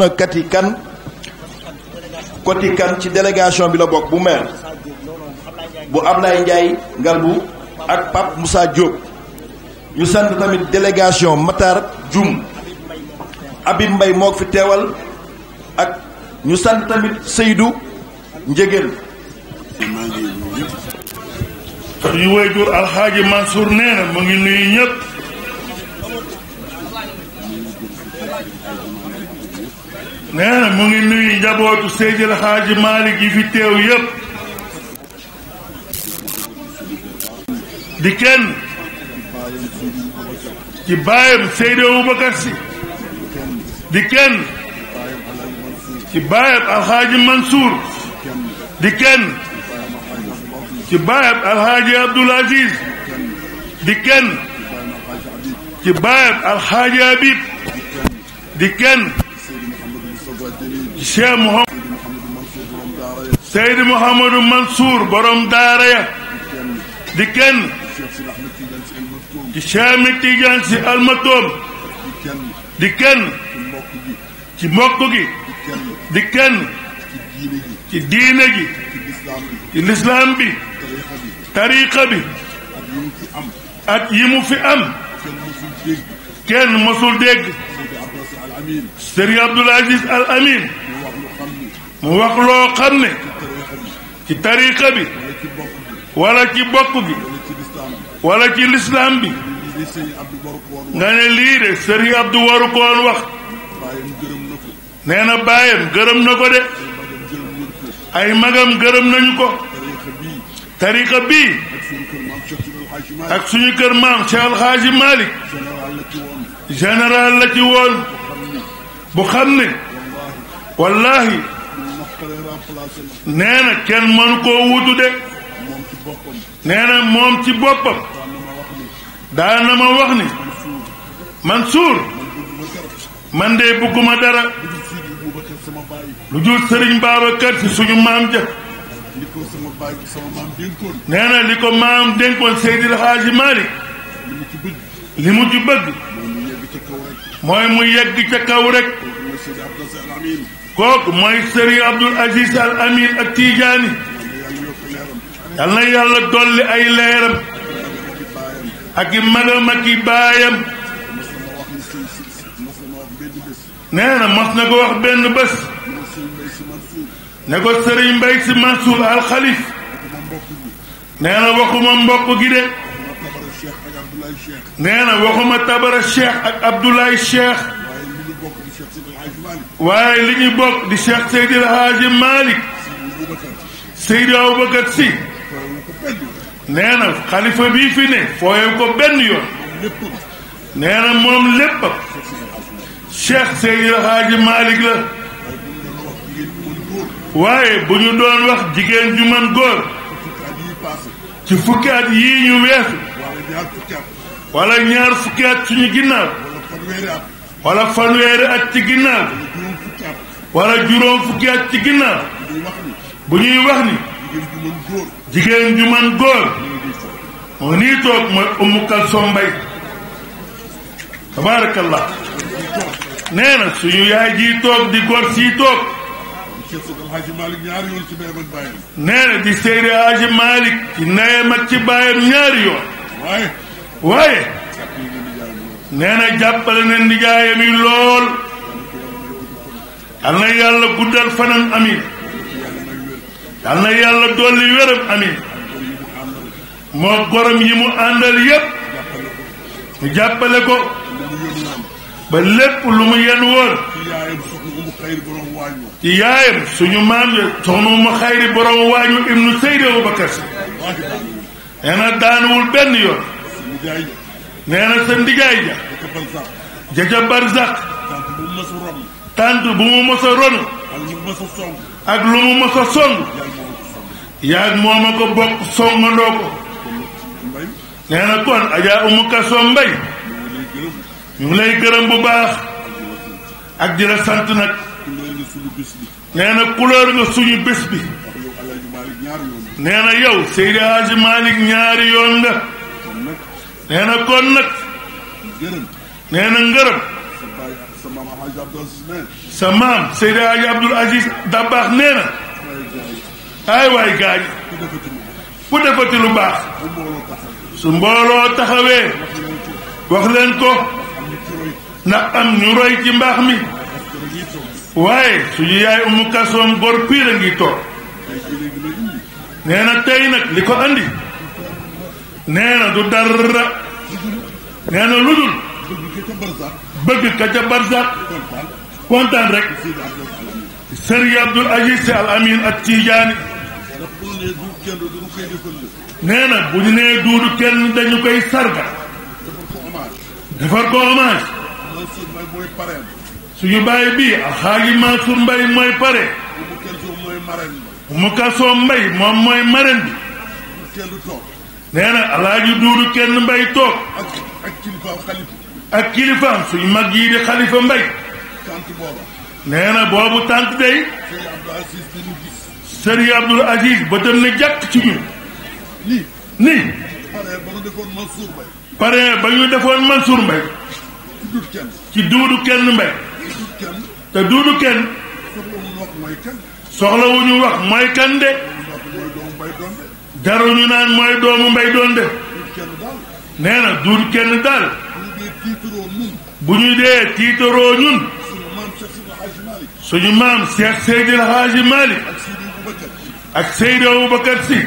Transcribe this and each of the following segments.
na kati kan koti kan ci délégation bi la bok bu mer bu ablay ndjay galbu ak pap moussa diop ñu sant tamit délégation matar djum abib mbay mok fi teewal ak ñu sant tamit seydou njegel yu wayjur alhaji mansour neena mo ngi nuyu ñepp mu ngi nuyu njabootu Seydil Xaaji malik yi fi teew yépp di kenn ci baayam seyde Aboubacar Si di kenn ci baayam Alxaaji Mansour di kenn ci baayam Alxaaji Abdoul Aziz di kenn ci baayam Alxaaji Habib di kenn شيخ محمد سيد محمد منصور برم داريا ديكن شيخ احمد تيجان سي المتوم ديكن تي موكوغي ديكن تي ديني تي الاسلام بي طريقه بي ات يمو في ام كان مسؤول ديك سري عبد العزيز الامين mu wax loo xam ne ci tariqa bi wala ci bokk bi wala ci lislaam bi nga ne lii de sëriñ Abdu waru ko wax nee baayam gërëm na ko de ay magam gërëm nañu ko tariqa bii ak suñu kër maam Cheikh Alxaaji Malik général la ci woon bu xam ne wallaahi nee na kenn mënu koo wutu de nee moom ci boppam daana ma wax man de bëgguma dara lu jur sëriñ Babacar si suñu maam ja nee li ko maam dénkoon Seydil Hadji li mu bëgg mooy mu yegg ca kaw kooku mooy sëriñ Abdul Aziz Al Amin ak Tijaani yal na yàlla dolli ay leeram ak i magam ak i baayam nee na mos na ko wax benn bés ne ko sëriñ Mbay Si Al Xalif nee na waxuma mbokk gi de nee na waxuma tabara Cheikh ak Abdoulaye Cheikh waaye li ñu bokk di Cheikh Seydi El Hadji Seydi Aboubacar Sy nee na xalifa bii fi ne fooye ko benn yoon nee na moom lépp Cheikh Seydi El Hadji la waaye bu ñu doon wax jigéen ju man góor ci fukki at yii ñu weesu wala ñaar fukki at suñu ginnaaw wala fanweeri at ci ginnaaw wala juróom fukki ci ginnaaw bu ñuy wax ni jigéen ju man góor moo nii toog mooy Umu Kalsom Mbay tabaarakallah nee suñu yaay ji toog di góor sii toog nee na di Seydi Haaji Malick ci ci baayam ñaari yoon waaye nee na yi lool yal na yàlla guddal fanam amin yal na yàlla dolli wéram amin moo gorom yi mu àndal yépp mu jàppale ko ba lépp lu mu yen woon ci yaayam suñu maam ya soxna mu xayri borom waañu ibnu seydi abubakar si nee na daanuwul benn yoon nee na sa ja jaja barzak tànt bu mu mës a ronu ak lu mu song yaag moom ko bokk songandoo ko nee na kon Adja Umu Kalsum Mbay ñu ngi lay gërëm bu baax ak di la sant nag nee na nga suñu bés bi nee na yow Seydi Hadji ñaari yoon nga nee na kon nag ngërëm maam Alaaji Abdul Aziz Abdul Aziz Dabaax nee na ay waay gaañ ku defati baax su mbooloo taxawee wax leen ko ndax am ñu ci mbaax mi waaye suñu yaay umu kasoom góor a ngi toog nee na tey nag li ko andi nee du dara nee lu dul bëgg ka ca barsax kontaan rek sëriñ Abdul Aziz Sy Al Amine ak Tijaani nee bu ñu nee duudu kenn dañu koy sarga defar ko suñu bàyyi bii alxaaji Mansour Mbay mooy pare mu kasoo mbay moom mooy marraine bi nee alaaji duudu kenn mbay toog ak kilifaam suñ mag yi di xalifa mbay nee na boobu tànt day sëriñ Abdul Aziz ba dem jàkk ci ñun nii pare ba defoon Mansour Mbay ci duudu kenn mbay te duudu kenn soxla wax mooy kan de dara naan mooy doomu mbay doon de nee duudu kenn daal bu ñu dee tiitaroo ñun suñu maam Cheikh Seydil Hadji Malick ak Seydi Aboubacar Sy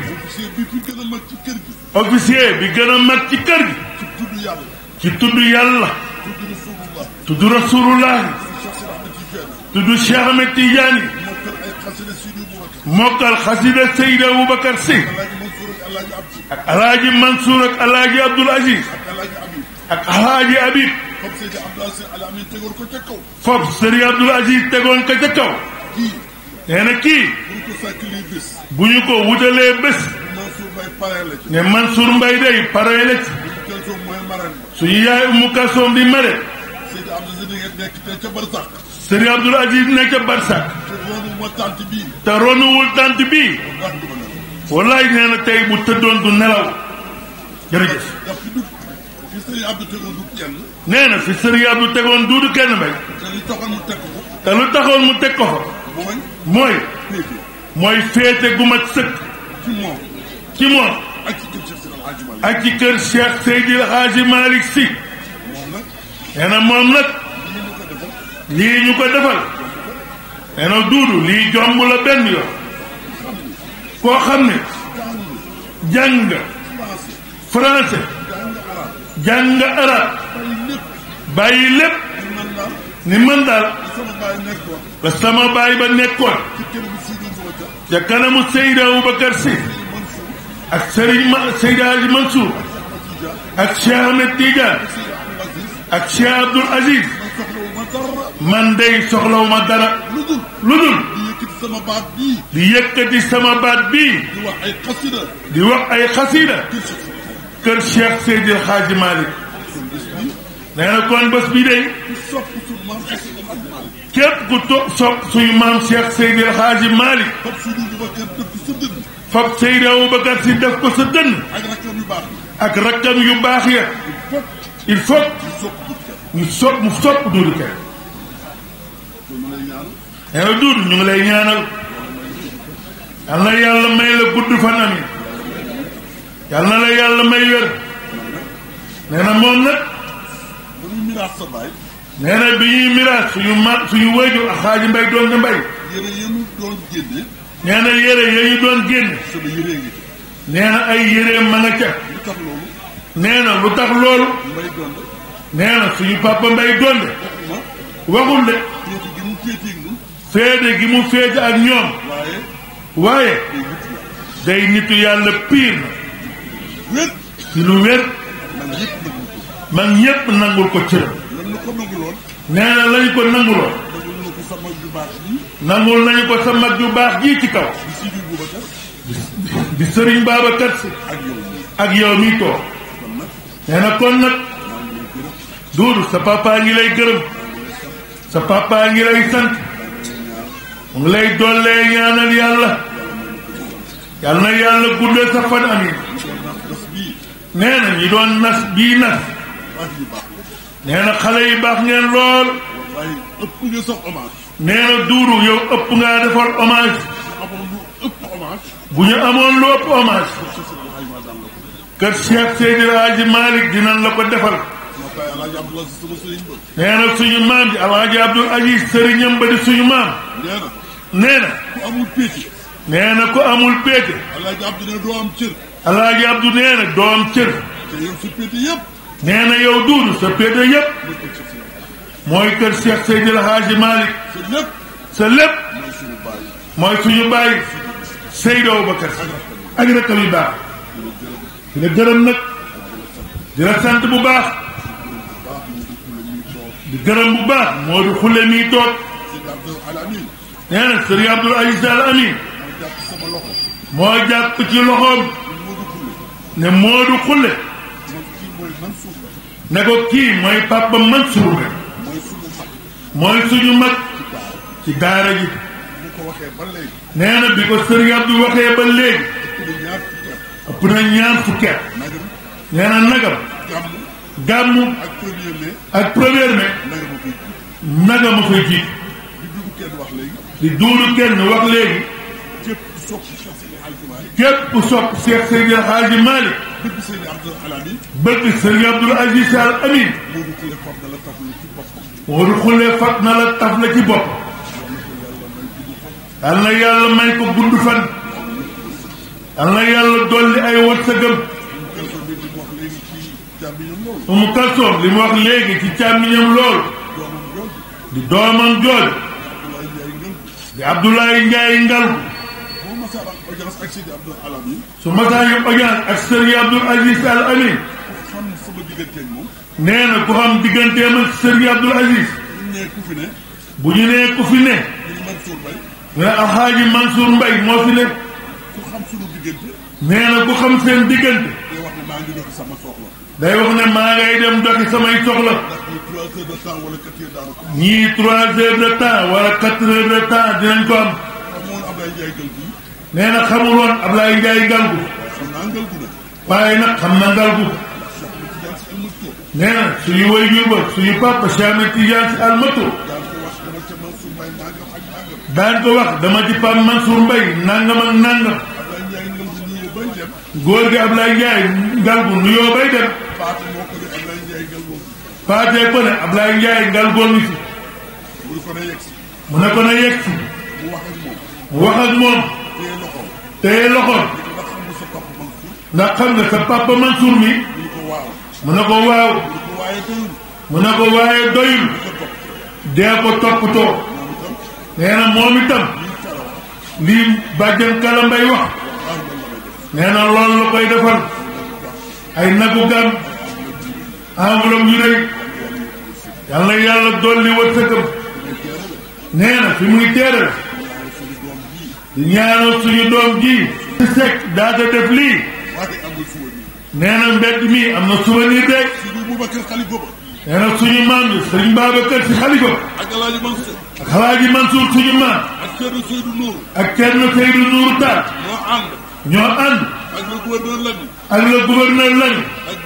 officier bi gën a mag ci kër gi ci rasulullah tudd Cheikh Ahmed Tidiane mokkal xasida Seydi Aboubacar Sy ak alaaji Mansour ak alaaji Abdoul Aziz ak Haaji Habib. foofu Serigne Abdoul Aziz tegoon ko ca ko ca kaw. kii. bu ko wutalee bés. ne Mansour Mbaye day pare la ci. suñu yaay Umu Kalsoom di mare. Serigne Abdoul Barsak. te ronuwul tant bii. wallaay nee tey bu tëddoon du nelaw jërëjëf. Serigne Abdou tegoon du fi Serigne Abdou tegoon duudu kenn mbay. te lu taxoon mu teg ko fa. te lu taxoon mu teg mooy. mooy. mooy gu mat sëkk. ci moom. ak ci kër Cheikh Seydil Hadji Malick moom nag. lii ñu ko defal. nee na duudu lii jomb la benn yoon. koo xam ne. jàng français. jàng arab bàyyi lépp ni man daal ba sama baay ba nekkoon ca kanamu Seyda Aboubacar Si ak Sëriñ ma Seyda Aji Mansour ak Cheikh Ahmed Tidiane ak Cheikh Abdoul Aziz man day soxlawuma dara lu dul di yëkkati sama baat bii di wax ay xasida kër Cheikh Seydil Hadji Malick nee na kon bés bi day képp ku to sopp suñu maam Cheikh Seydil Hadji Malick fab Seydi Aboubacar si def ko sa dënn ak rakkam yu baax ya il faut ñu sopp mu sopp duudu kenn nee na duudu ñu ngi lay ñaanal yal na yàlla may la gudd fan amin yàlla na la yàlla may wér nee na moom nag nee na bi ñuy miraas suñu mag suñu wéju ak xaaji mbay doon mbay yére yéenu doon génne nee na yére yooyu doon génne nee na ay yére ma nga ca nee na lu tax loolu mbay donde nee na suñu papa mbay donde waxul de féete gi mu féete ak ñoom waaye day nitu yàlla piir na ci lu wér man ñépp nangul ko cëram nee na lañ ko nanguloon nangul nañu ko sa mag ju baax ji ci kaw di sëriñ babacar si ak yow mi toog nee kon nag duudu sa papa ngi lay gërëm sa papa ngi lay sant mu ngi lay dollee ñaanal yàlla yàlla na yàlla guddee sa fan amin nee na doon nas bii nas nee na xale yi baax ngeen lool nee na duuru yow ëpp ngaa defar hommage bu ñu amoon lu ëpp hommage kër Cheikh Seydi Hadji Malick dinañ la ko defal nee na suñu maam ji alhaji Abdoul Aziz sëriñam ba di suñu maam nee na nee na ku amul péete nee na amul péete alaaji abdu nee na doom cër nee na yow duudu sa pédé yëpp mooy kër Cheikh Seydil Haaji Malick sa lépp mooy suñu bàyyi Seydou Aboubacar ak rakkam yu baax di la gërëm nag di la sant bu baax di gërëm bu baax moo di xulle mii toog nee na Serigne Abdoul Aziz Al Amin moo jàpp ci loxoom ne Modou Khoule. ne ko kii mooy Papa Mansour ga mooy suñu mag ci daara ji nee na bi ko sëriñ Abdou waxee ba léegi ëpp na ñaar fukki at nee na nagam gàmmu ak premier mai nagam a koy jiit di duuru kenn wax léegi képp sopp Cheikh Seydi Hadji Malick bëgg Seydi Abdoul Alamin bëgg Seydi Abdoul Aziz Sy Al Amine wóoru xulee fat na la taf la ci bopp yal na yàlla may ko gudd fan yal na yàlla dolli ay wërsëgam umu kalsoom li mu wax léegi ci càmmiñam lool di doomam jooj di Abdoulaye Ndiaye Ngalgu audience ak Seydi Abdoul Alamin. su masaayum audience ak Seydi Abdoul Aziz Al Amin. xam ne sama digganteeg moom. nee na ku xam digganteem ak Seydi Abdoul Aziz. bu ñu nee ku fi ne. bu ñu nee ku fi ne. nee Alxaaji Mansour Mbaye moo fi ne. ku xam sunu diggante. nee na ku xam seen diggante. day wax ne maa ngi doxi sama soxla. day wax ne maa ngay dem doxi samay soxla. ñii trois heures de temps wala quatre heures de temps dinañ ko am. nee na xamul woon Ablaye Ndiaye Ngalgu waaye nag xam na Ngalgu nee na suñu woy yu ba suñu papa Cheikh Ahmed Tidiane Sy Al Maktoum daan ko wax dama ci Pape Mansour Mbaye nangam ak nangam góor gi Ablaye Ndiaye Ngalgu nuyoo bay dem Paatee ko ne Ablaye Ndiaye Ngalgu ngi fi mu ne ko na yegg mu wax ak moom. tey loxoom ndax xam nga sa papa Mansour mi mu ne ko waaw mu ne ko waaye doyul dee ko toppatoo nee na moom itam lii bàjjen kala mbay wax nee na loolu la koy defar ay nagu gan enveloppe yu rëy yàlla yàlla dolli wërsëgam nee na fi muy teeral ñaanal suñu doom ji ci sekk daata def lii nee mi am na souvenir de nee na suñu maam bi sëriñ Babacar si xalifa ak Alaaji Mansour suñu maam ak Thierno Seydou Nour ak Thierno Seydou Nour Tall ñoo ànd ak le gouverneur Lamine ak le gouverneur Lamine ak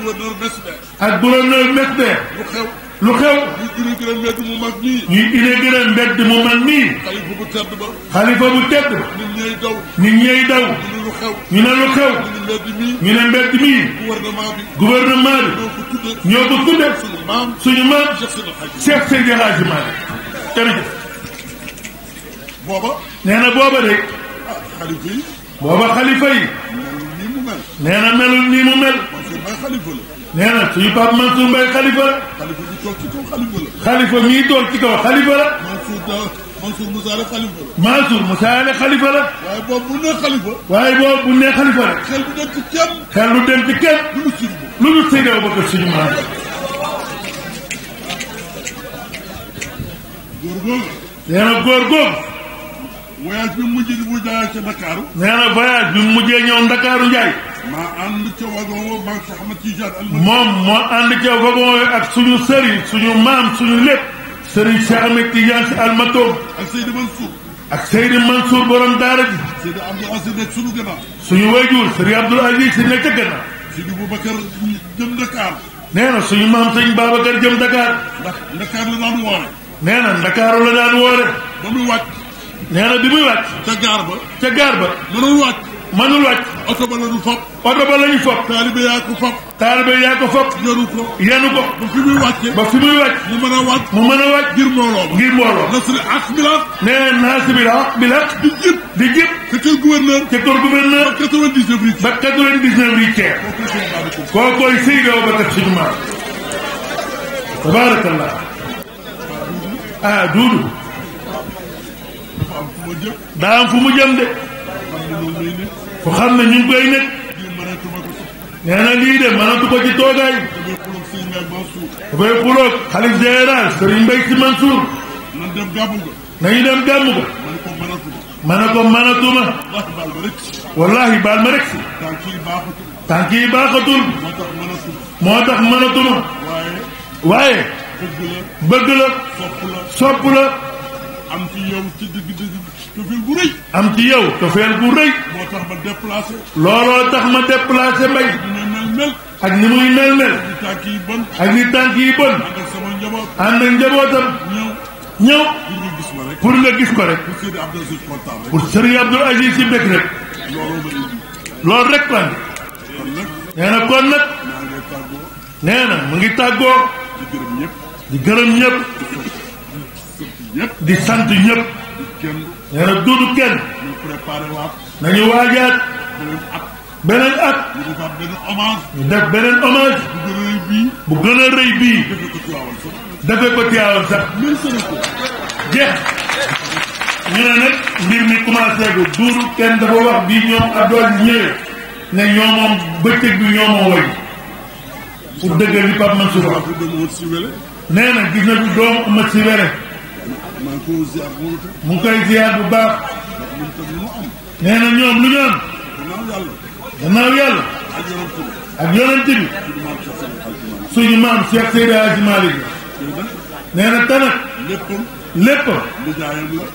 gouverneur Mesbé ak gouverneur lu xew. ñuy inaugurer mbedd mu mag nii. ñuy inaugurer mbedd mu mag nii. xalifa bu tedd ba. xalifa bu tedd ba. nit ñay daw. nit ñay daw. ñu ne lu xew. ñu ne lu xew. ñu ne mbedd mii. gouvernement bi. gouvernement bi. ñoo ko tuddee. suñu maam suñu maam. Cheikh Seydi Hadji Malick. jërëjëf. booba. nee na booba de. Ah, xalifa yi. booba xalifa yi. nee na melul nii mu mel. nee na suñu Pape Mansour Mbaye xalifa la. xalifa bi toog ci kaw xalifa la. xalifa mi toog ci kaw xalifa la. Mansour Moussa la xalifa la. Mansour Moussa la xalifa la. waaye boobu bu ne xalifa. waaye boobu bu ne xalifa la. xel bu dem ci kenn. xel bu dem ci kenn. lu mu sëñ lu mu sëñ Abubakar suñu maam. góor góor. nee na góor góor. voyage bi mu mujjee di mu jaayee ca Ndakaaru. nee na voyage bi mu mujjee ñëw Ndakaaru Ndiaye. maa ànd ca wagon wa maag Cheikh Ahmed Tidiane al moom moo ànd ca wagon wa ak suñu sëriñ suñu maam suñu lépp sëriñ Cheikh Ahmed Tidiane si almatoom ak Seydou Mansour ak Seydou Mansour borom daara ji Seydou Abdoul Aziz nekk suñu gannaaw suñu wayjur sëriñ Abdoul Aziz si nekk ca gannaaw Seydou Boubacar jëm Dakar nee na suñu maam sëñ Babacar jëm Dakar ndax Dakar la daan woore nee na Dakar la daan woore ba muy wàcc nee na bi muy wàcc ca gaar ba ca gaar ba mënul wàcc mënul wàcc oto ba la ñu fab oto ba la ñu fab taalibe yaa ko fab taalibe yaa ko fab yaru ko yanu ko ba fi muy wàcce ba fi muy wàcc mu mën a wàcc mu mën a wàcc ngir mbooloo ngir mbooloo nasri ak bi la nee naas di jëp di jëp ca kër gouverneur ca kër gouverneur 99 riz ba 99 riz ceeb koo koy Seydou Ababacar Sy Diouma tabarakallah ah duudu daa am fu mu jëm de ko xam ne ñu koy nekk nee na lii de manatu ko ci toogaay bay xuloog xalif général sëriñ mbay si mansour nañ dem gàmmu ko nañu dem gàmmu ko mana ko manatuma wallahi baal ma rek si tànk yi baaxatul moo tax ma waaye bëgg la sopp la am ci yow ci digg digg cofeel bu rëy. am ci yow cofeel bu rëy. moo tax ma déplacé. looloo tax ak ni muy mel mel. ak ni tànk yi bon. ak ni tànk yi bon. ànd njabootam. ñëw. ñëw. nga gis ko rek. pour nga gis ko rek. pour Serigne Abdoul Aziz si mbég rek. loolu rek la. nee na kon nag. ngi tàggoo. di gërëm ñëpp. di gërëm ñëpp. sant ñëpp. nee na duudu kenn. nañu waajaat. beneen at. beneen ñu defaat beneen hommage. def beneen hommage. bu gën a rëy bii. bu gën a rëy bii. dafay jeex. ñu ne nag mbir mi commencé gu duudu kenn dafa wax bi ñoom Abdoulaye ñëwee ne ñoo moom bëccëg bi ñoo moom woy pour dëggal li Pape Mansour gis na du doom ma si were mu ngi koy bu baax. nee na ñoom lu ñu am. gannaaw yàlla. ak yonent bi. suñu maam Cheikh Seydi Hadji Malick la. nee na tanak. lépp.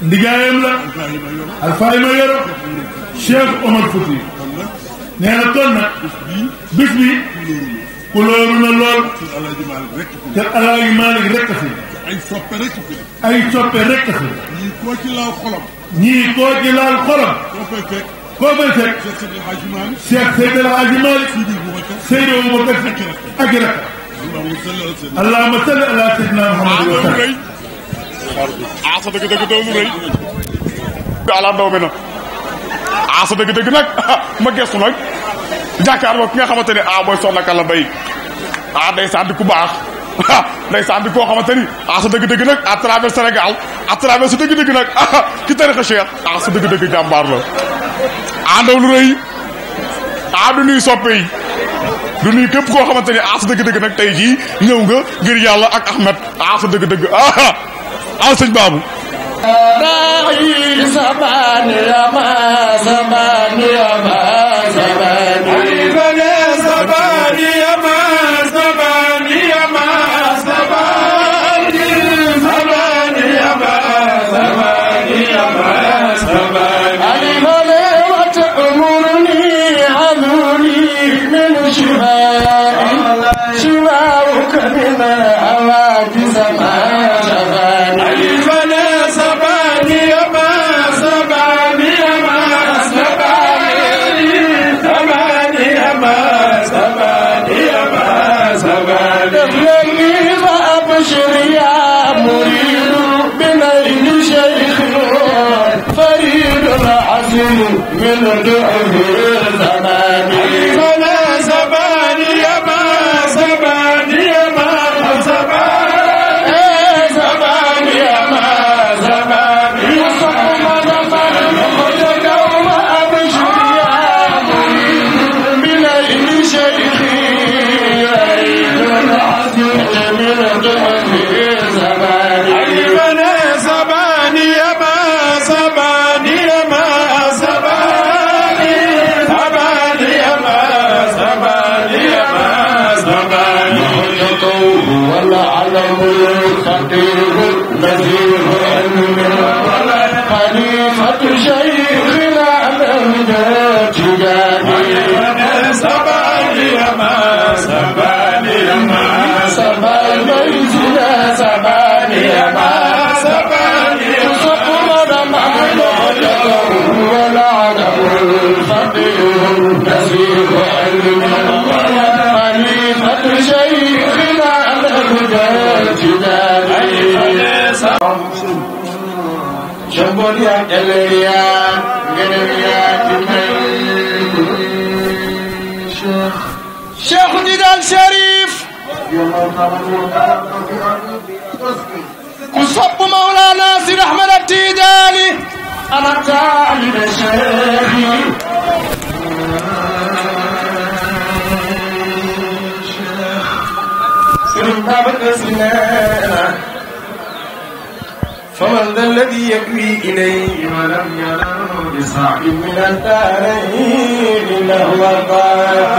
ndigaayam la. alfaayima yoro. Cheikh Omar Fouti. nee na kon nag. bis bi. kulóoru na lool. te alaaji Malick rekk fi. ay soppe rek fi ne. ay soppe rek fi ne. ñii koo ci laal xolam. ñii koo ci laal xolam. koo koy fekk. koo koy fekk. Cheikh Seydil Hadji Malick. Cheikh Seydil Hadji Malick. Seydou Boubacar. Seydou Boubacar ak rakk. allahumma salli ala sayyidina Muhammad wa sallam. ah sa dëgg dëgg doonu rëy. ala ndaw mi nag. ah sa dëgg dëgg nag ma gestu nag. jàkkaarloo ki nga xamante ne ah mooy soxna Kalla Mbaye ah day sant ku baax. ah ndeysaan koo xamante ni ah, sa dëgg-dëgg nag à travers Sénégal à dëgg-dëgg nag ah ki tarixa Cheikh ah sa dëgg-dëgg jàmbaar la. ah ndaw lu rëy ah du nuy soppe yi koo xamante ni ah sa dëgg-dëgg nag tey jii ñëw nga ngir yàlla ak Ahmed ah dëgg-dëgg ah ah sëñ Babou. daa yi sabaani ya ma sabaani Thank you. شيخ شيخ شريف كصب مولانا سيد احمد التيداني انا طالب شيخي سيد فمن ذا الذي يكوي إليه ولم ينره بصاحب من الدارين إلا هو الضائع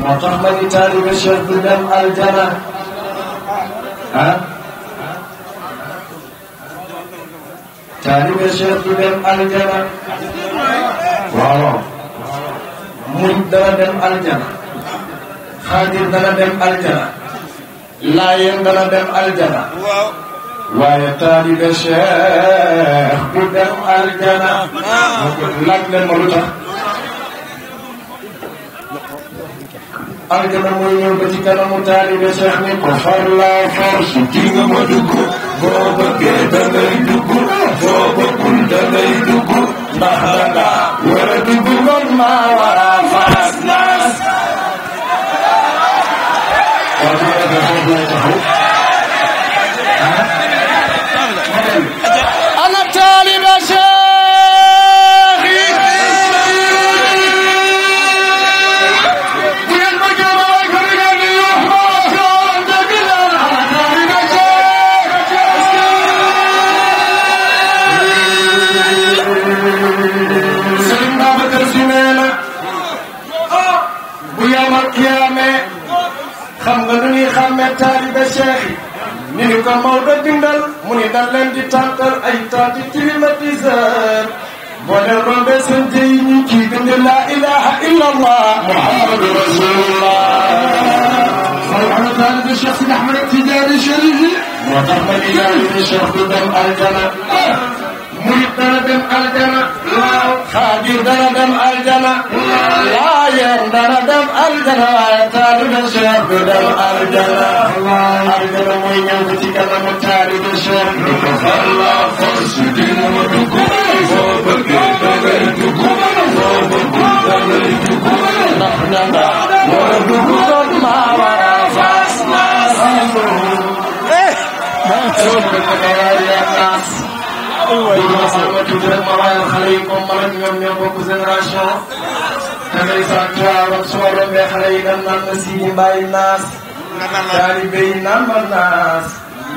وطهمة تارك الشرط دم الجنة ها تارك الشرط دم الجنة واو مجد دم الجنة خادر دم الجنة laayeen dana dem aljana waaye taalibe cheikh bu dem aljana ah. laaj leen ma lu tax aljana mooy ñëw ba ci kanamu taalibe cheikh ni ko far laa force ci nga ma dugg boo bëggee da ngay dugg boo bëggul da ngay dugg ndax da ngaa war a dugg man maa war a fas naa Thank you. شيخي منو كان مولد الدندل مني دلن دي تانكر اي تانتي كليماتيزر مولا الرب سنتي نكي دن لا اله الا الله محمد رسول الله صلى الله عليه الشخص الاحمر شريفي وطرق الى الشخص دم الجنه ملك دردم الجنة خادر دردم الجنة لاير دردم الجنة تارد الشيخ دردم الجنة الجنة وين يمتك لما تارد الشيخ الله فرس دين ومتكم صوبك دردتكم صوبك دردتكم نحن وردكم ما وراء فاسنا صوبك دردتكم மகாய ஹரை கொம்பரன் கம்யம் குசராஷோ நகரி சாட்சியாரம் சோரம் ஹரை நன்னன் நசீனி பாய் நாஸ் தாரி பேய் நம்பர் நாஸ்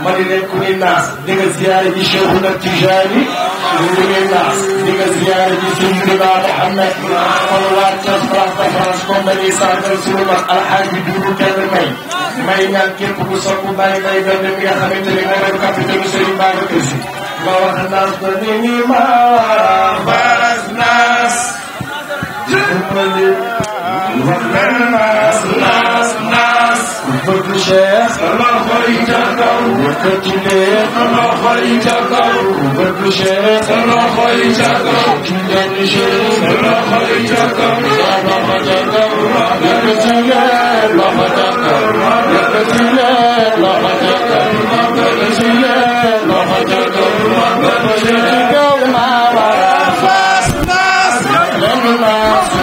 مدينة كل الناس ديك زيارة دي شيخنا التجاري كل الناس ديك زيارة دي سيدنا محمد صلوات تفرح تفرح كومباني سانتر سلوما الحاج دورو كلمي may ñaan képp ku sokku bàyyi bay benn mi nga xamante ne nga dem capital Serigne Babacar Sy ووحدة بهما فاز ناس ناس ناس ناس وفك شيخ الله خيجكر وكتليخ الله خيجكر وفك شيخ الله خيجكر كيان شيخ الله خيجكر يا بابا جكر يا رجلال بابا جكر يا رجلال بابا جكر يا رجلال Go, Mas, my, mas,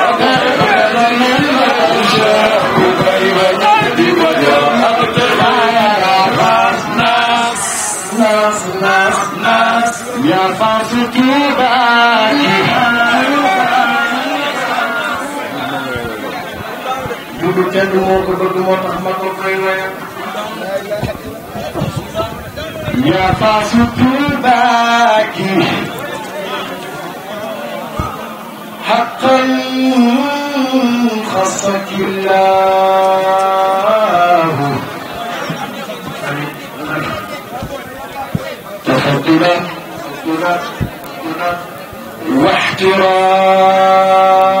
يا حقا خصك الله تفضلا واحتراما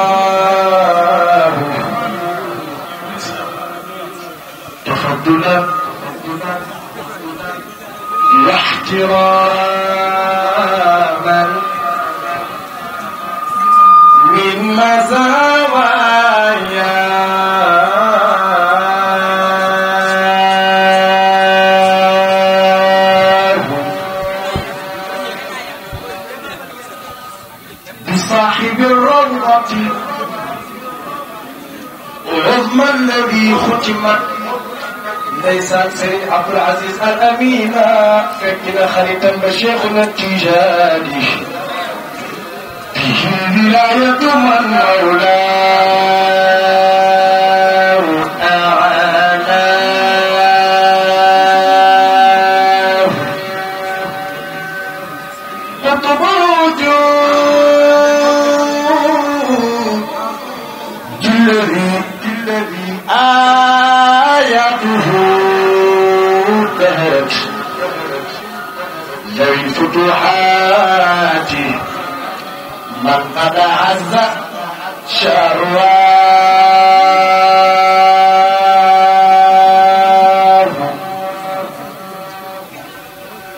واحتراما من مزايا بصاحب الروضة العظمى الذي ختمت لسان سيد عبد العزيز الأمينة فكنا خريطة مشيخنا نتيجاني به ولاية من مولاه فتوحاتي من قد عز شروا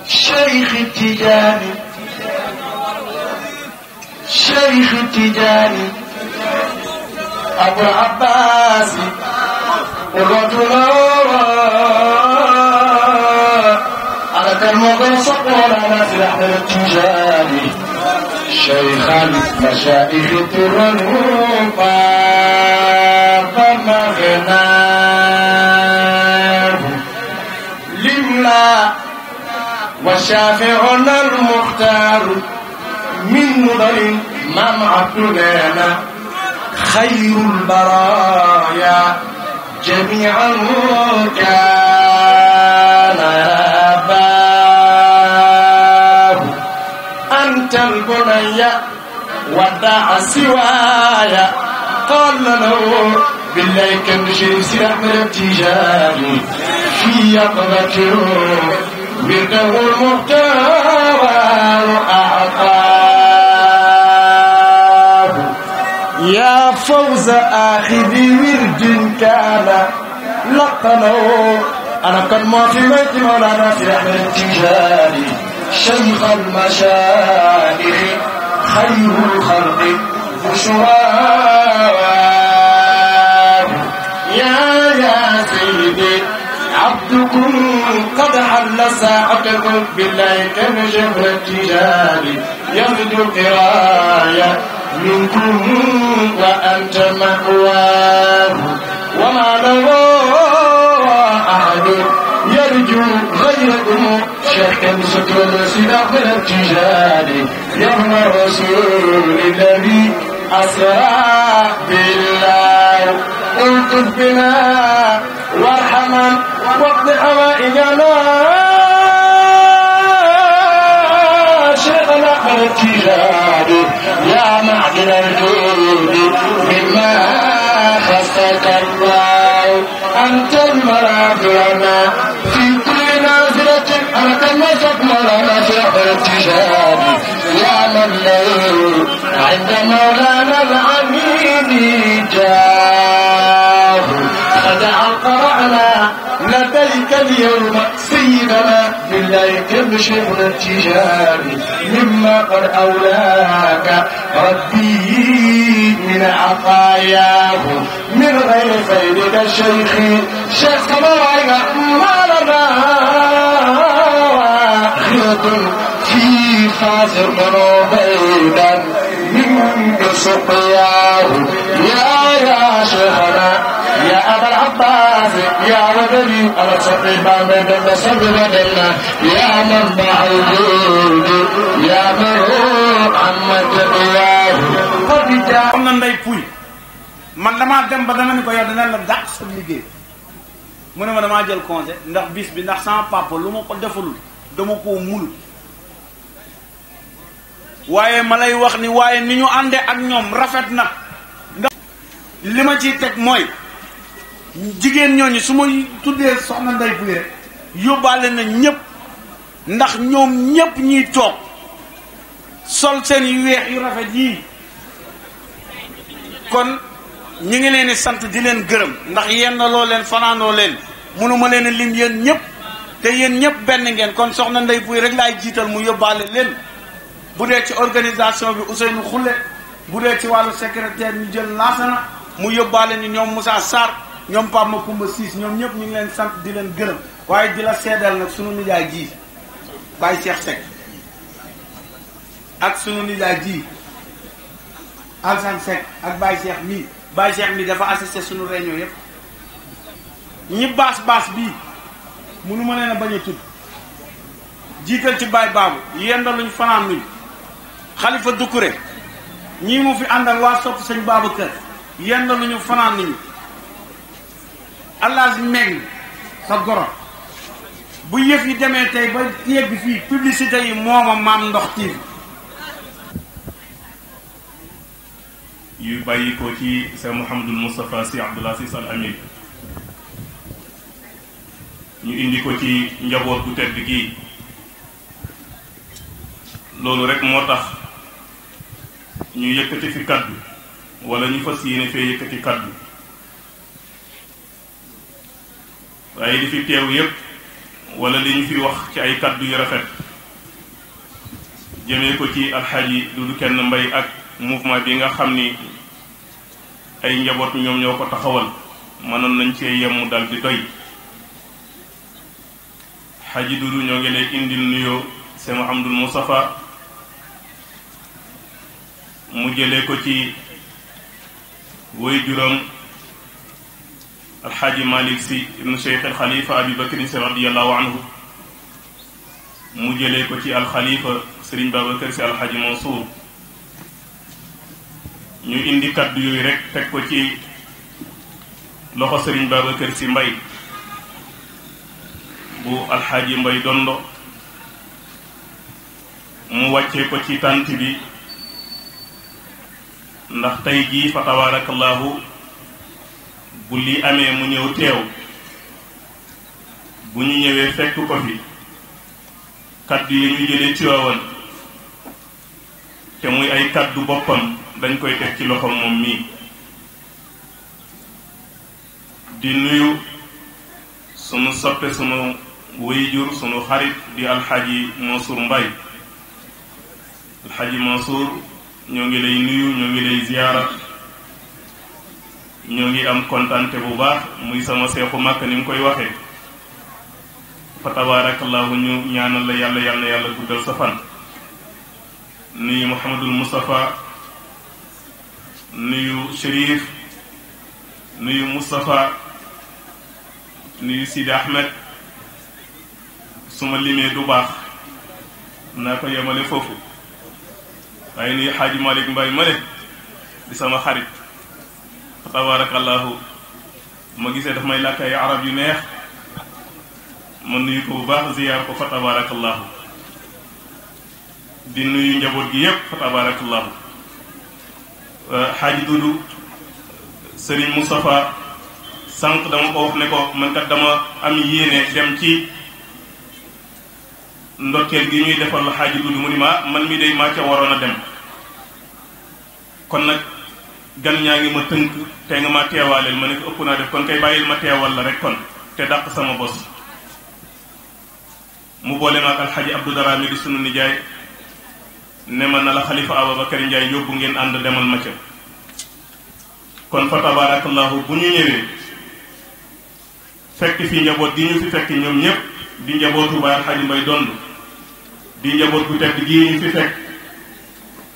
شيخ التجاني شيخ التجاني أبو عباس السحر التجاري شيخا مشايخ الرنوبة فما غناه لملا وشافعنا المختار من مدر ممعتنا خير البرايا جميعا وكان البنية ودع سوايا قال له بالله كان شريف سلاح من التجاري في يقظته ورده المختار أعطاه يا فوز آخذ ورد كان لقنه أنا قد ما في بيت مولانا سلاح من التجاري شيخ المشايخ خير الخلق مشوار يا يا سيدي عبدكم قد حل ساعتكم بالله كم جبر التجار يغدو قرايا منكم وأنت مأواه وما له أحد يرجو امسكوا سلاح التجار يوم الرسول الذي أسرى بالله الطف بنا وارحمنا واقض حوائجنا شيخنا التجار يا معدن الجود مما خصك الله أنت المرافق لنا في التمست ملامة ارتجاب يا من لو عند مولانا العميد جاه خدع قرعنا لديك اليوم سيدنا بالله تمشي من التجاري مما قد أولاك ربي من عطاياه من غير سيدك الشيخ شيخ كما ما لنا عبد في خاطر بيدا من سقياه يا يا شهنا يا أبا العباس يا ولدي أنا صبي ما مدن صبي مدن يا من معبود يا من هو عن تقياه قد جاء من ndey puy man damaa dem ba dama ni ko yow dana la dàq sa liggéey mu ne ma damaa jël congé ndax bis bi ndax sama papa lu ma ko defalul dama koo mul waaye ma lay wax ni waaye ni ñu àndee ak ñoom rafet na ndax li ma ciy teg mooy jigéen ñooñu su ma tuddee soxna Ndey Bule yóbbaale na ñépp ndax ñoom ñépp ñiy toog sol seen yu weex yu rafet yii kon ñu ngi leen di sant di leen gërëm ndax yenn loo leen fanaanoo leen mënuma leen lim yéen ñépp te yéen ñëpp benn ngeen kon soxna Ndey Buy rek laay jiital mu yóbbaale leen bu dee ci organisation bi Ousseynou Khoule bu dee ci wàllu secrétaire ñu jël na mu yóbbaale ñu ñoom musaa Sarr ñoom Pape Makumba Siis ñoom ñëpp ñu ngi leen sant di leen gërëm waaye di la seedal nag sunu nijaay jii Baye Cheikh Seck ak sunu nijaay ji Alsan Seck ak Baye Cheikh mii Baye Cheikh mii dafa assisté sunu réunion yëpp ñi baas baas bii munu ma leen a bañ a tudd jiital ci baay baabu yendaluñ fanaan luñ xalifa dukkure mu fi àndal wa sopp sëñ babu yendaluñu fanaan luñu ni allah meeg sa goro bu yëf yi deme tay ba yegg fi publicité yi moma mam ndox ti yu bayiko ci sa Mouhamadul mustafa si abdullah si sal Amin ñu indi ko ci njaboot bu tedd gii loolu rek moo tax ñu yëkkati fi kaddu wala ñu fas yéene fee yëkkati kaddu waaye di fi teew yëpp wala li ñu fi wax ci ay kàddu yu rafet jëmee ko ci alxaaji Dudu Kenn Mbay ak mouvement bi nga xam ni ay njaboot ñoom ñoo ko taxawal mënoon nañ cee yem dal di doy xaji dudu ñoo ngi lay indil nuyoo seen Mouhamadul Moustapha mu jëlee ko ci woy juróom alxaaji malik si ibnu cheikh alxalifa abi bakrin si radiallahu anhu mu jëlee ko ci alxalifa sëriñ babacar si alxaaji mansour ñu indi kaddu yooyu rek teg ko ci loxo sëriñ babacar si mbay bu alxaaji mbay dondo mu wàccee ko ci tànt bi ndax tey jii fa tabaarakallaahu bu lii amee mu ñëw teew bu ñu ñëwee fekk ko fi kaddu yi ñu jëlee Tiwaawan te muy ay kàddu boppam dañ koy teg ci loxo moom mii di nuyu sunu soppe sunu ويجر سنو خريف دي الحاج منصور مباي الحاج منصور نيوغي لي نيو نيوغي لي زيارة نيوغي أم كونتان تبو باخ موي سما سيخو مكة نيم كوي وخي فتبارك الله نيو نيان الله يالا يالا يالا قدر سفن ني محمد المصطفى نيو شريف نيو مصطفى نيو سيد أحمد su ma limee du baax naa ko yemale foofu waaye nii xaaji Malick Mbaye male di sama xarit fa tabarakallahu ma gisee daf may làkk arab yu neex ma nuyu ko bu baax ziyaar ko fa tabarakallahu di nuyu njaboot gi yépp fa tabarakallahu xaaji euh, dudu sëriñ Moustapha sànq dama ko wax ne ko man kat dama am yéene dem ci ndokkeel gi ñuy defal xaaji dudu mu ni ma man mi day maa ca waroon a dem kon nag gan ñaa ngi ma tënk te nga ma teewaaleel ma ne ko ëpp naa def kon kay bàyyil ma teewal la rek kon te dàq sama bos mu boole ma ak alxaaji abdu dara di sunu nijaay ne ma na la xalifa Ababacar Njaay yóbbu ngeen ànd demal ma ca kon fa tabarakallahu bu ñu ñëwee fekk fii njaboot gi ñu fi fekk ñoom ñëpp di njabootu baay Xadim Mbay dond di njaboot bu tedd gii ñu fi fekk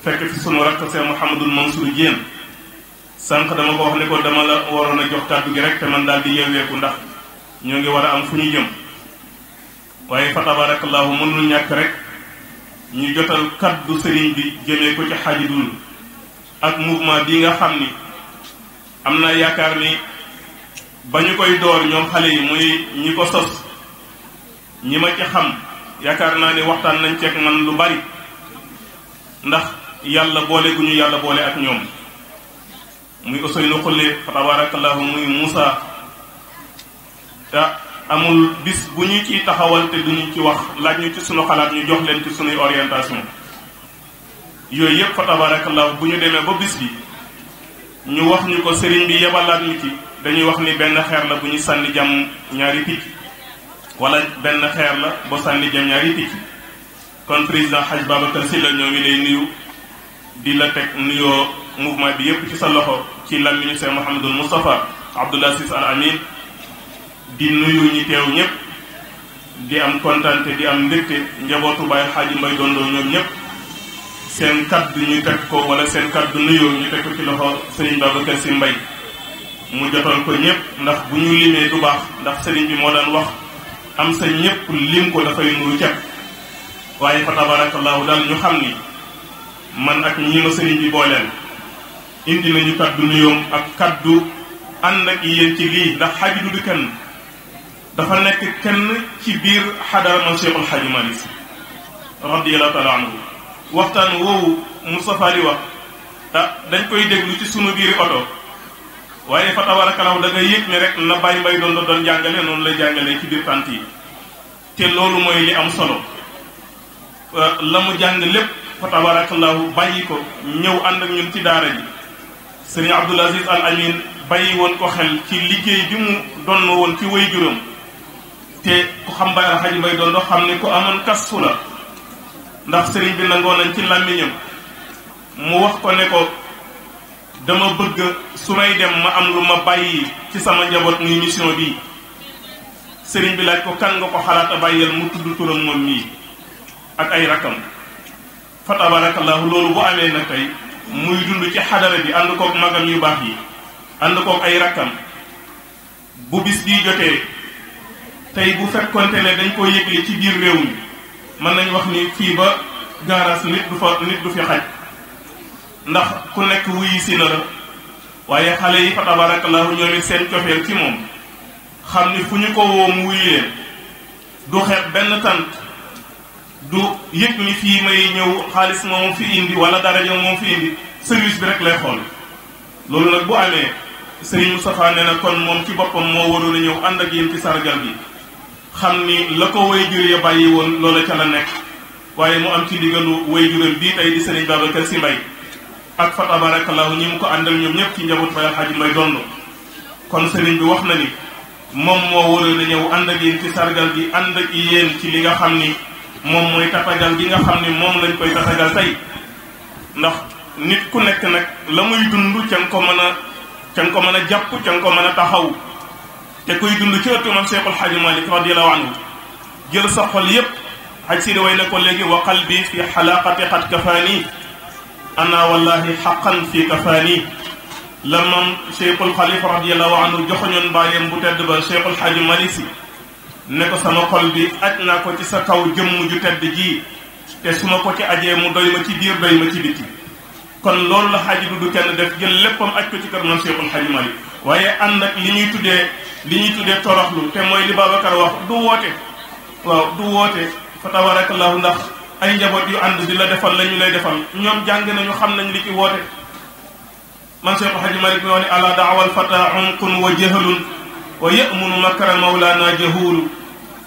fekk fi sunu rakk Seex Mouhamadul Mansour Diène sànq dama ko wax ne ko dama la waroon a jox kàddu gi rek te man daal di yeeweeku ndax ñoo ngi war a am fu ñu jëm waaye fa tabarakallahu mënul ñàkk rek ñu jotal kàddu sëriñ bi jëmee ko ci xaaji ak mouvement bii nga xam ni am naa yaakaar ni ba ñu koy door ñoom xale yi muy ñi ko sos ñi ma ci xam yaakaar naa ne waxtaan nañ ceeg man lu bari ndax yàlla boole gu ñu yàlla boole ak ñoom muy Ousseynou Khoule fa tabarakallahu muy Moussa amul bis bu ñu ciy taxawal te ñu ci wax laaj ñu ci sunu xalaat ñu jox leen ci sunuy orientation yooyu yëpp fa tabarakallahu bu ñu demee ba bis bi ñu wax ñu ko sëriñ bi yebalaat ñu ci dañuy wax ni benn xeer la bu ñu sànni jàmm ñaari picc wala benn xeer la boo sànni jëm ñaari picc kon président Hadj Babacar Sylla ñoo ngi lay nuyu di la teg nuyoo mouvement bi yépp ci sa loxo ci ñu Cheikh Mouhamadul mustapha abdullah Sis Al Amin di nuyu ñi teew ñëpp di am kontante di am ndégte njabootu bàyyi xaaji mbay dondoo ñoom ñëpp seen kaddu ñu teg ko wala seen kaddu nuyoo ñu teg ko ci loxo Serigne Babacar si Mbay mu jotoon ko ñëpp ndax bu ñu limee du baax ndax sëriñ bi moo daan wax am sa ñëpp lim ko dafay nuru cat waaye fa tabarakallahu daal ñu xam ni man ak ñi ma sëriñ bi booleel indi nañu kaddu nuyoom ak kaddu ànd ak yéen ci lii ndax xaji du di kenn dafa nekk kenn ci biir xadara man Cheikhul Xaji Malik radiyallahu taala anhu waxtaan woowu Moustapha li wax ah dañ koy déglu ci sunu biiri oto waaye fa tabaarakallaahu da nga yëg ne rek na bàyyi mbay doon la doon jàngale noonu lay jàngale ci biir tànt yi te loolu mooy li am solo euh, la mu jàng lépp fa bàyyi ko ñëw ànd ak ñun ci daara ji sëriñ Abdul Aziz Al Amin bàyyi woon ko xel ci liggéey bi mu doon woon ci way juróom te ku xam bay alxaji bay doon xam ne ku amoon kasfu la ndax sëriñ bi nangoo nañ ci làmmiñam mu wax ko ne ko dama bëgg su may dem ma am lu ma bàyyi ci sama njaboot muy mission bi sëriñ bi laaj ko kan nga ko xalaat bàyyi bàyyal mu tudd turam moom mii ak ay rakam fa tabarakallahu loolu bu amee nag tey muy dund ci xadara bi ànd koog magam yu baax yi ànd koog ay rakam bu bis bii jotee tey bu fekkonte ne dañ ko yëgle ci biir réew mi mën nañ wax ni fii ba gaaraas nit du fa nit du fi xaj ndax ku nekk wuyu si na la waaye xale yi fa tabarakallahu ñoom it seen cofeel ci moom xam ni fu ñu ko woo mu wuyu leen du xeeb benn tànt du yëpp ni fii may ñëw xaalis moom fi indi wala daraja moom fi indi service bi rek lay loolu nag bu amee Serigne Moustapha nee na kon moom ci boppam moo waroon a ñëw ànd ak yéen ci sargal bi xam ni la ko way jur ya bàyyi woon loola ca la nekk waaye mu am ci diggalu way juram bii tey di Serigne Babacar Sy Mbaye ak fa tabarakallahu ñi mu ko àndal ñoom ñëpp ci njaboot ba xaaj may donn kon sëriñ bi wax na ni moom moo waroon a ñëw ànd ak ci sargal gi ànd ak yéen ci li nga xam ni moom mooy tatagal gi nga xam ni moom lañ koy tatagal tey ndax nit ku nekk nag la muy dund ca nga ko mën a ca nga ko mën a jàpp ca nga ko mën a taxaw te kuy dund ci ëttu mam Seexul Xaaji Malik radiyallahu jël sa xol yépp xaj si di way na ko léegi wa qalbi fi xalaqati xat kafaani أنا والله حقا في كفاني لما شيخ الخليفة رضي الله عنه جخن بايم بتد با شيخ الحاج مالسي نكو سما قلبي أتنا كو تسا كو جم جتد جي تسما كو تأجي مدوي ما تدير دوي ما تبتي kon loolu la xaaji dudd kenn def jël léppam aj ko ci kër moom cheikhul xaaji malik waaye ànd ak li ñuy tuddee li ñuy tuddee toroxlu te mooy li babacar wax du woote waaw du woote fa tabarakallahu ndax ay njaboot yu ànd di la defal la ñu lay defoon ñoom jàng nañu xam nañ li ci woote man Cheikh Hadji Malick mi wax ne ala daawal fata unqun wa jahalun wa yamunu makara mawlana jahulu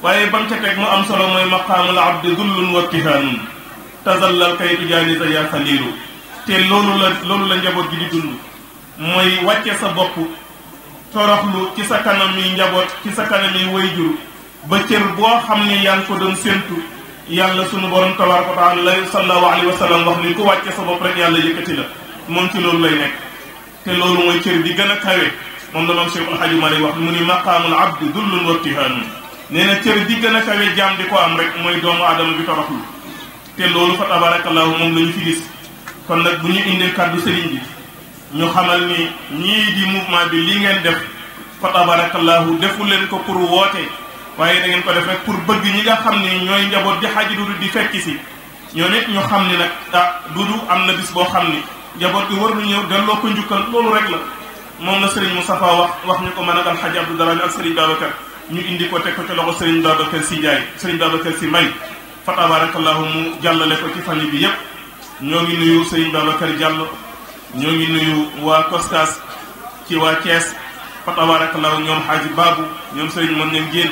waaye bam ca teg mu am solo mooy maqaamul abdi dullun wa tihaanun tazallal kay tujaanisa ya xaliilu te loolu la loolu la njaboot gi di dund mooy wàcce sa bopp toroxlu ci sa kanam yi njaboot ci sa kanam yi wayjur ba cër boo xam ne yaa ngi ko doon séntu yàlla sunu borom tabaaraka wa taala lay sallallahu alayhi wa sallam wax ni ku wàcce sa rek yàlla yëkkati la moom ci loolu lay nekk te mooy cër bi gën a kawe moom la moom Cheikh El Hadj Malick wax mu ni maqaamul abdi dullun wa tihaanun nee na cër bi gën a kawe jaam di ko am rek mooy doomu aadama bi toroxlu te loolu fa tabarakallahu moom la ñu fi gis kon nag bu ñu indee kàddu sëriñ bi ñu xamal ni ñii di mouvement bi li ngeen def fa tabarakallahu defu leen ko pour woote waaye da ngeen ko def rek pour bëgg ñi nga xam ni ñooy njaboot di xaaji dudu di fekki si ñoo nit ñu xam ni na ah dudu am na bis boo xam ni njaboot bi war lu ñëw delloo ko njukka loolu rek la moom la Serigne Moustapha wax wax ñu ko mën a dal xaaji Abdou Darani ak Serigne Babacar ñu indi ko teg ko ci loxo Serigne Babacar si Ndiaye Serigne Babacar si may fa tabarakallahu mu jàllale ko ci fan bi yépp ñoo ngi nuyu Serigne Babacar Diallo ñoo ngi nuyu waa Costas ci waa Thiès fa tabarakallahu ñoom xaaji Babu ñoom Serigne moom ñoom Géen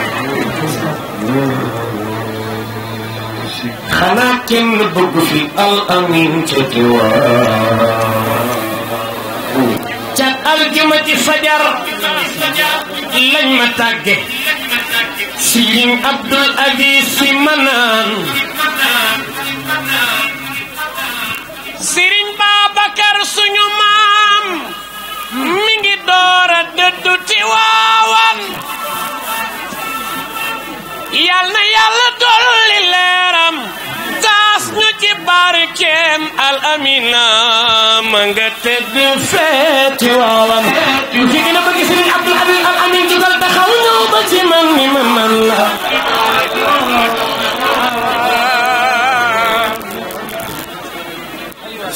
kenn bëgg ca diwaan fajar lañ ma Abdul Aziz si manaan ma nga tëdd feeti waawan ki gën a bëgg Sëriñ Abdul Aziz Al Amin jugal taxaw ñëw ba ci man ni ma man la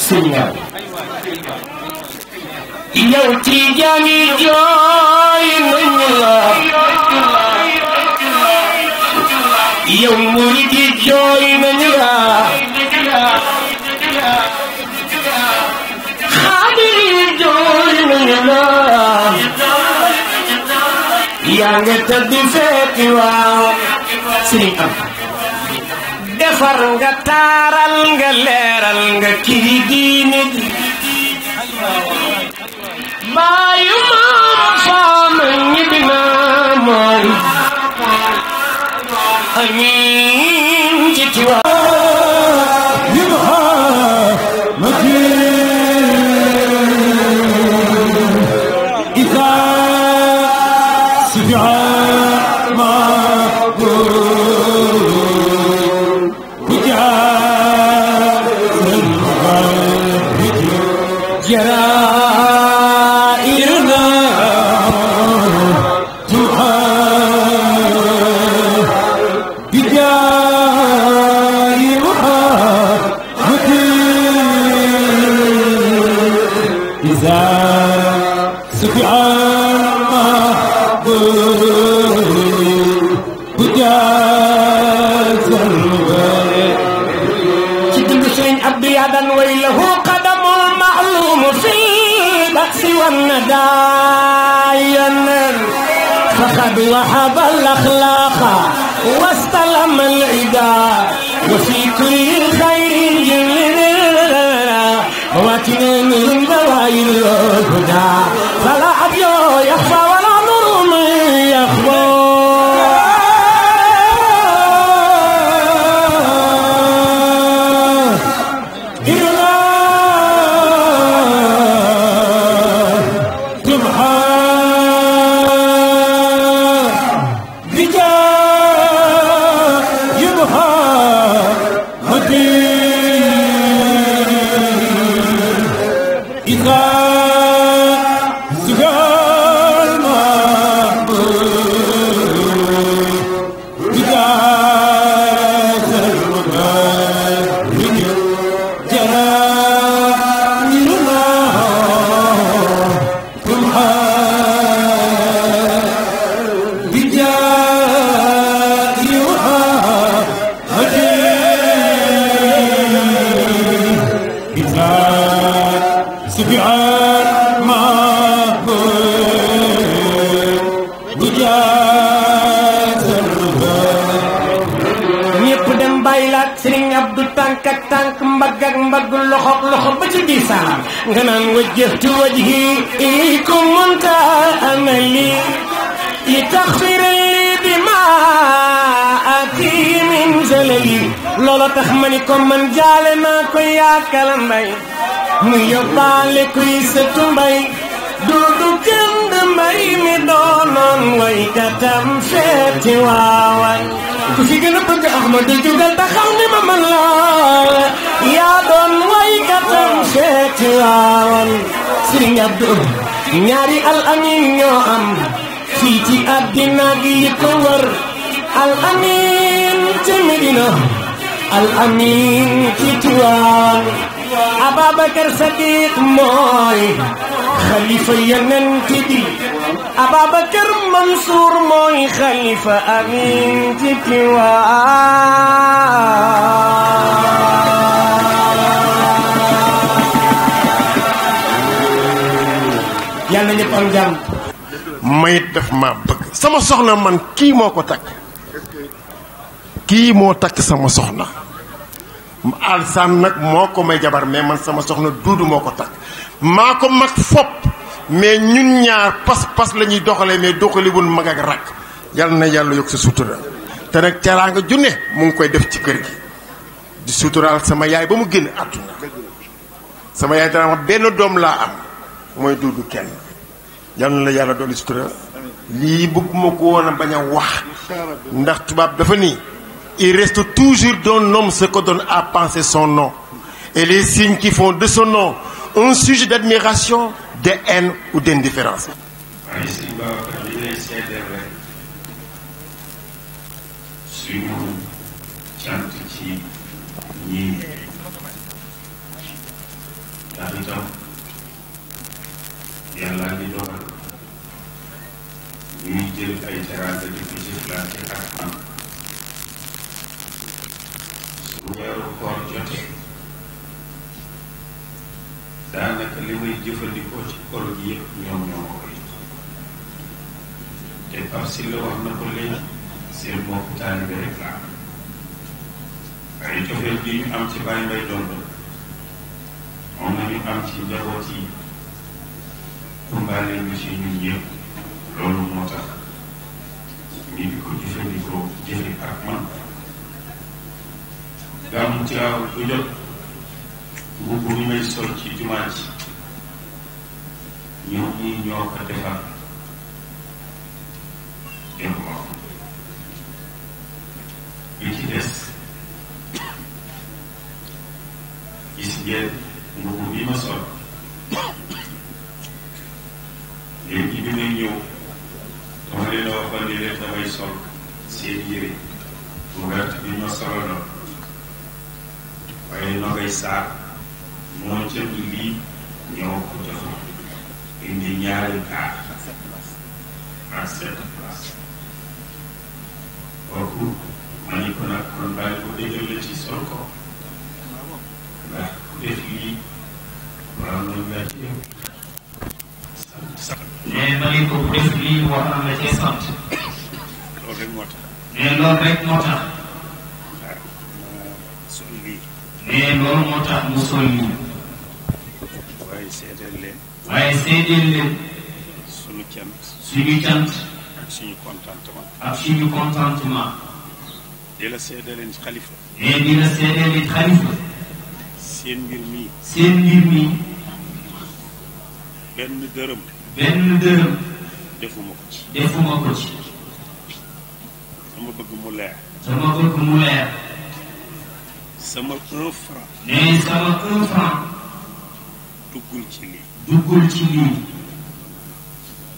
signal yow ci jàngi jooy nañu la yow murid yi jooy nañu la jooy nañu la yaa nga tëdd fekki waaw sëriñ am nga taaral nga leeral nga kii diine ji baayu maam faama ñibbi naa mooy amiin ci ci waaw ak mbaggul loxo loxo ba ci biir saanam nga naan wajjahtu wajhi ilaykum munta amali li taxfira li bi ma ati min zalali loola tax ma ni ko man jaale naa ko yaakala mbay mu yóbbaale kuy sëtu mbay duudu mi doonoon waykatam feeti waawan ku fi gën a bëgg Ahmadu jugal taxaw ni ma man la yaa doon waykatam seeti waawoon Serigne Abdou ñaari al amin ñoo am fii ci àddina gi yi ko wër al amin ci Medina al amin ci Tiwaawan Ababacar Sadiq mooy xalifa yonent bi Ababacar Mansour mooy xalifa amin ci Tiwaawan am jàmm. mayit daf maa bëgg. sama soxna man kii moo ko takk kii moo takk sama soxna alsaan nag moo ko may jabar mais man sama soxna duudu moo ko takk maa ko mag fopp mais ñun ñaar pas-pas la ñuy doxalee mais doxaliwul mag ak rakk yal na yàlla yokk sa sutura te nag nga junne mu ngi koy def ci kër gi di suturaal sama yaay ba mu génn àdduna sama yaay dana wax benn doom laa am mooy duudu kenn il reste toujours d'un homme ce que donne à penser son nom et les signes qui font de son nom un sujet d'admiration de haine ou d'indifférence yàlla ngi dogal ñuy jël ay teraanga di ko ak man su weeru koor jotee daanaka li may jëfandikoo ci koor gi yëpp ñoom ñoo koy te Pape Sylla wax na ko léegi seen mbokk taalibe rek la ay cofeel ñu am ci bàyyi mbay dond moom la ñu am ci njaboot yi umbaale ñu ci ñun ñëpp loolu moo tax ñu di ko jëfandikoo jëfe ak man gàmmu Tiwaawan bu mi may sol ci jumaa ji ñoom ñi ñoo ko defar def ma ko bi ci des gis ngeen mi ma lim ci dina ñëw dama leen a waxoon ni leen damay sol seen yére mu wert bi ma solaloon waaye na koy saar moo cënd lii ñëw ko jox ma indi ñaari kaar ak sept place kooku ma ni ko nag kon bàyyi ko déggal la ci sol ko ndax ku def lii waaw nee na leen ko bu def lii war na la cee sant. loolu rek moo tax. nee loolu rek moo tax. nee loolu moo tax mu sol lii. waaye seedeel leen. waaye seedeel leen. suñu cant. suñu cant. ak suñu contentement. ak suñu contentement. di la seedeeleen xalifa. nee di la seedeeleen xalifa. seen mbir mii. seen mbir mii. benn dërëm. benn dërëm. defuma ko ci. defuma ko ci. sama bëgg mu leer. sama bëgg mu leer. sama un franc. sama un duggul ci lii. duggul ci lii.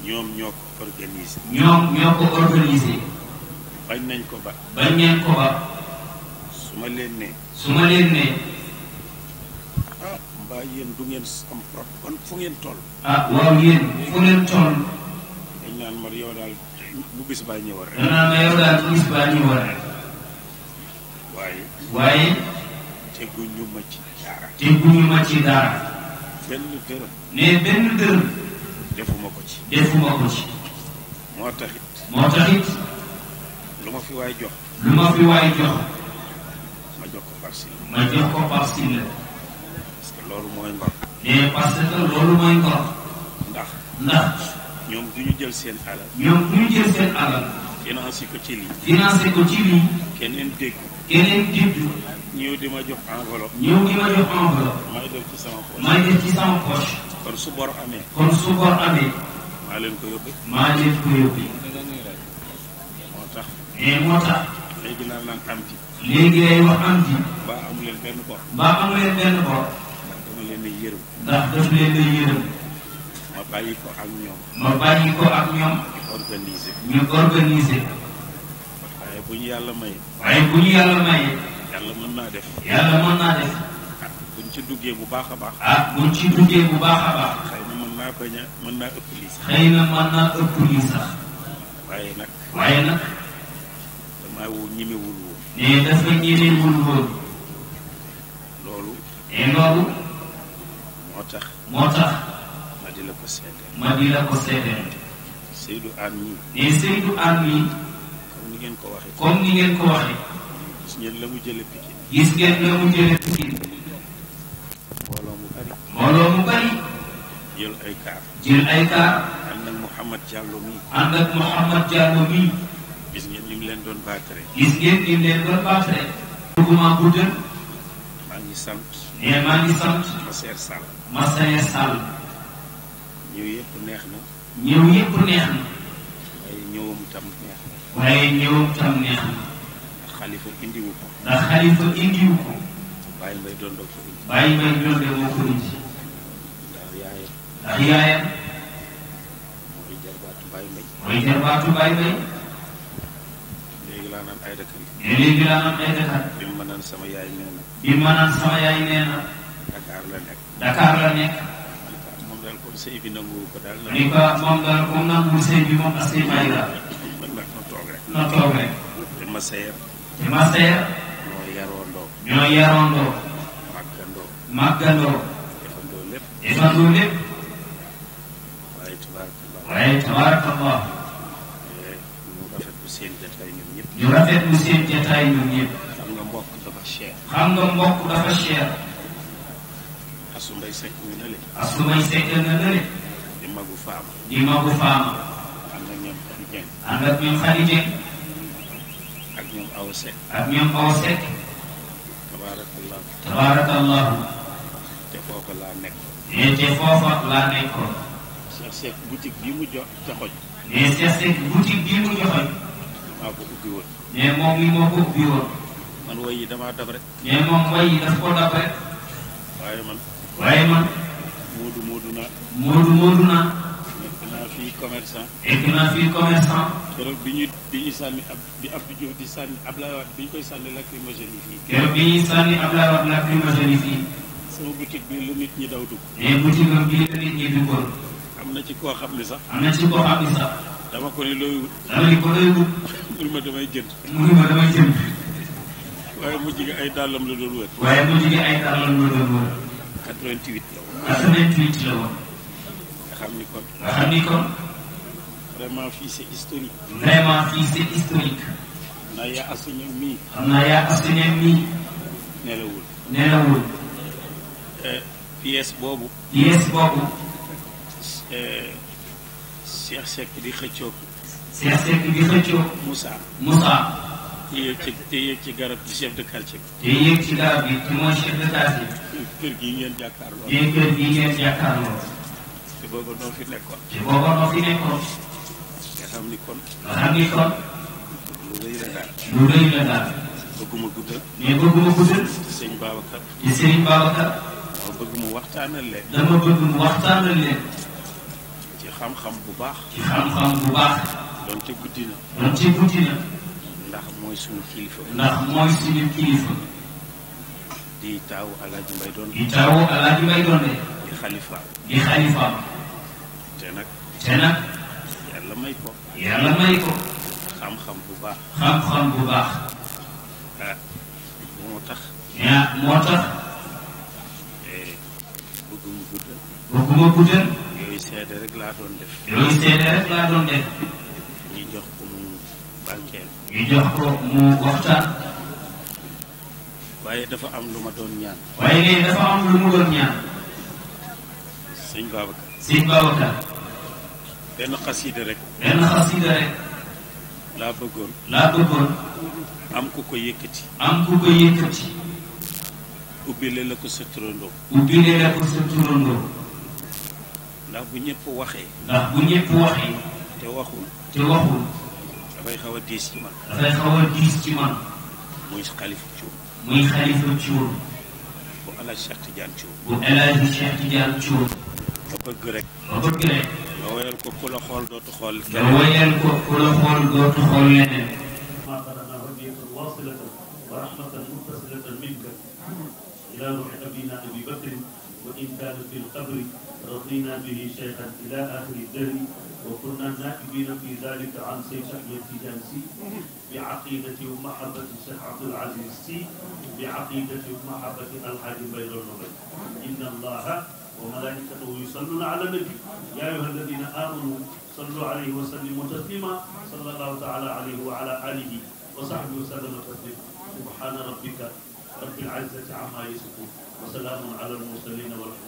ñoom ñoo ko organisé. ñoom ñoo ko organisé. bañ nañ ko ba. bañ nañ ko ba. su ma leen nee. su ma leen nee. mbaa yéen du ngeen am problème kon fu ngeen toll. ah waaw yéen fu ngeen toll. dañ naan ma yow daal bu bis baa ñëwal rek. naan ma yow daal bu bis baa ñëwal rek. waaye. waaye. teguñu ma ci dara. teguñu ma ci dara. benn dërëm. mais benn dërëm. defuma ko ci. defuma ko ci. moo taxit. moo taxit. lu ma fi waay jox. lu ma fi waay jox. ma jox ko parcelle. ma jox ko parcelle. loolu mooy ngor. mais parce que loolu mooy ngor. ndax. ndax. ñoom du jël seen alal. ñoom du jël seen alal. financé ko ci lii. financé ko ci lii. keneen dégg. keneen dégg. ñëw di ma jox enveloppe. ñëw di ma jox enveloppe. may def ci sama poche. may def ci sama poche. kon su bor amee. kon su bor amee. maa leen ko yóbbee. maa leen ko yóbbee. moo tax. mais eh, moo tax. léegi naan naan am ci. léegi lay wax am ci. mbaa amu benn bor. ndax daf leen a yërëm. ma bàyyi ko ak ñoom. ma bàyyi ko ak ñoom. ñu organiser. ñu organiser. waaye bu ñu yàlla maye. waaye bu ñu yàlla maye. yàlla mën naa def. yàlla mën naa def. ah buñ ci duggee bu baax a baax. ah buñ ci duggee bu baax a baax. xëy na mën naa bañ mën naa ëpp lii sax. xëy na mën naa ëpp lii sax. waaye nag. waaye nag. damaa wu ñemewul woon. mais dafa ñemewul woon. loolu. loolu. tax moo tax ma di la ko seede ma di la ko seede Seydou Ami ni Seydou Ami comme ni ngeen ko waxe comme ni ngeen ko waxe gis ngeen la mu jele pikki gis ngeen la mu jele pikki mbooloo mu bari mbooloo mu bari jël ay kaar jël ay kaar ànd ak Diallo mi ànd ak Mouhamad Diallo mi gis ngeen lim leen doon baatare gis ngeen lim leen doon baatare duguma guddal maa ngi sant nee ma ngi sant ma seer sàll Massaye Sall. ñëw yëpp neex na. ñëw yëpp neex na. waaye ñëwam tam neex na. ndax xalifa indiwu ko. ndax xalifa indiwu ko. bàyyi mbay doon doo ko indi. bàyyi mbay doon doo moo ko indi. ndax yaayam. ndax yaayam. mooy jarbaatu bàyyi mbay. mooy jarbaatu bàyyi mbay. léegi laa naan ay dëkkar. léegi laa naan ay dëkkar. bi ma naan sama yaay nee na. bi ma naan sama yaay nee na. Dakar la nekk. Dakar la nekk. moom daal comme sëy bi nangu ko daal. ni ko moom daal comme nangu sëy bi moom as may la. na toog rek. na toog rek. te ma seer. te ma seer. ñoo yaroondoo. ñoo yaroondoo. màggandoo. màggandoo. defandoo lépp. defandoo lépp. waaye tabaarakallah. waaye tabaarakallah. ñu rafetlu seen jataay ñoom ñëpp. ñu rafetlu seen jataay ñoom ñëpp. xam nga mbokk dafa cher. xam nga mbokk dafa cher. asu mbay sekk nga na le asu sekk nga na di magu faama di magu faama am ñoom xari jeng ànd ak ñoom xari jeng ak ñoom aw sekk ak ñoom aw sekk tabaarakallahu tabaarakallahu te foofa laa nekk nee te foofa laa nekkoon Cheikh Seck boutique bi mu jox joxoj nee Cheikh Seck boutique bi mu joxoj maa ko ubbi woon nee moom mi moo ko ubbi woon man way yi damaa dab rek nee moom way yi daf ko dab rek waaye man waaye man. Moodu Moodu naa. Moodu Moodu naa. nekk naa fii commerçant. nekk naa fii commerçant. keroog bi ñuy bi ñuy sànni ab bi Abdou Diouf di sànni Abdoulaye Wade bi ñu koy sànni lacrymogène yi fii. keroog bi ñuy sànni Abdoulaye Wade lacrymogène yi fii. sama boutique bi la nit ñi daw dugg. mais boutique am bii la nit ñi duggoon. am na ci koo xam ne sax. am na ci koo xam ne sax. dama ko ne looy wut. dama ne ko looy wut. mënu ma damay jënd. mënu ma damay jënd. waaye mujj gi ay dàllam la doon wër. waaye mujj gi ay dàllam la doon wër. 88 la woon. 88 la woon. nga xam ni kon. nga xam ni kon. vraiment fii c'est historique. vraiment fii c'est historique. xam naa yaa asuñu mii. xam naa yaa asuñu mii. nelawul. nelawul. Euh, pièce boobu. pièce boobu. Euh, Cheikh Seck di xëccoo. Cheikh Seck di xëccoo. Moussa. Moussa. te yëg ci te de quartier bi. te yëg ci garab gi ci mooy chef de quartier bi. kër gii ngeen jàkkaarloo. yéen kër gii ngeen jàkkaarloo. te booba noo fi nekkoon. te booba noo fi nekkoon. nga xam ni kon. nga xam ni kon. lu rëy la daal. lu rëy la daal. bëgguma guddal. mais bëgguma guddal. ci bu baax. ci xam-xam bu baax. doon ci guddi na. ci guddi ndax mooy suñu kilifa. ndax mooy suñu kilifa. di taawu Alaaji Mbay doon. di di xalifa. di xalifa. te nag. yàlla may ko. yàlla may ko. xam-xam bu baax. xam-xam bu baax. moo tax. ah moo tax. bëgguma guddal. bëgguma guddal. yooyu seede rek laa doon def. yooyu seede rek laa doon def. ñu jox. ñu jox ko mu waxtaan. waaye dafa am lu ma doon ñaan. waaye léegi dafa am benn xasida rek. benn xasida rek. laa bëggoon. laa bëggoon. am ku ko yëkkati. am ku ko yëkkati. ubbile la ko sa turandoo. ubbile la ko sa turandoo. ndax bu ñëpp waxee. ndax bu ñëpp waxee. te waxul. te waxul. dafay xaw a diis ci man dafay xaw a diis ci man muy xalifa Thioub muy xalifa Thioub bu El Hadj Cheikh Tidiane Thioub bu El Hadj Cheikh Tidiane Thioub ba bëgg rek ba bëgg rek nga wayal ko ku la xool dootu xool nga wayal ko ku la xool dootu xool leneen ورحمة متصلة منك إلى روح أبينا أبي بكر وإن كان في القبر رضينا به شيخا إلى آخر الدهر وكنا نائبين في ذلك عن سيشحية جانسي بعقيدة ومحبة الشيخ عبد العزيز سي بعقيدة ومحبة الحاج بيض النبي إن الله وملائكته يصلون على النبي يا أيها الذين آمنوا صلوا عليه وسلموا تسليما صلى الله تعالى عليه وعلى آله وصحبه وسلم تسليما سبحان ربك رب العزة عما يصفون وسلام على المرسلين والحمد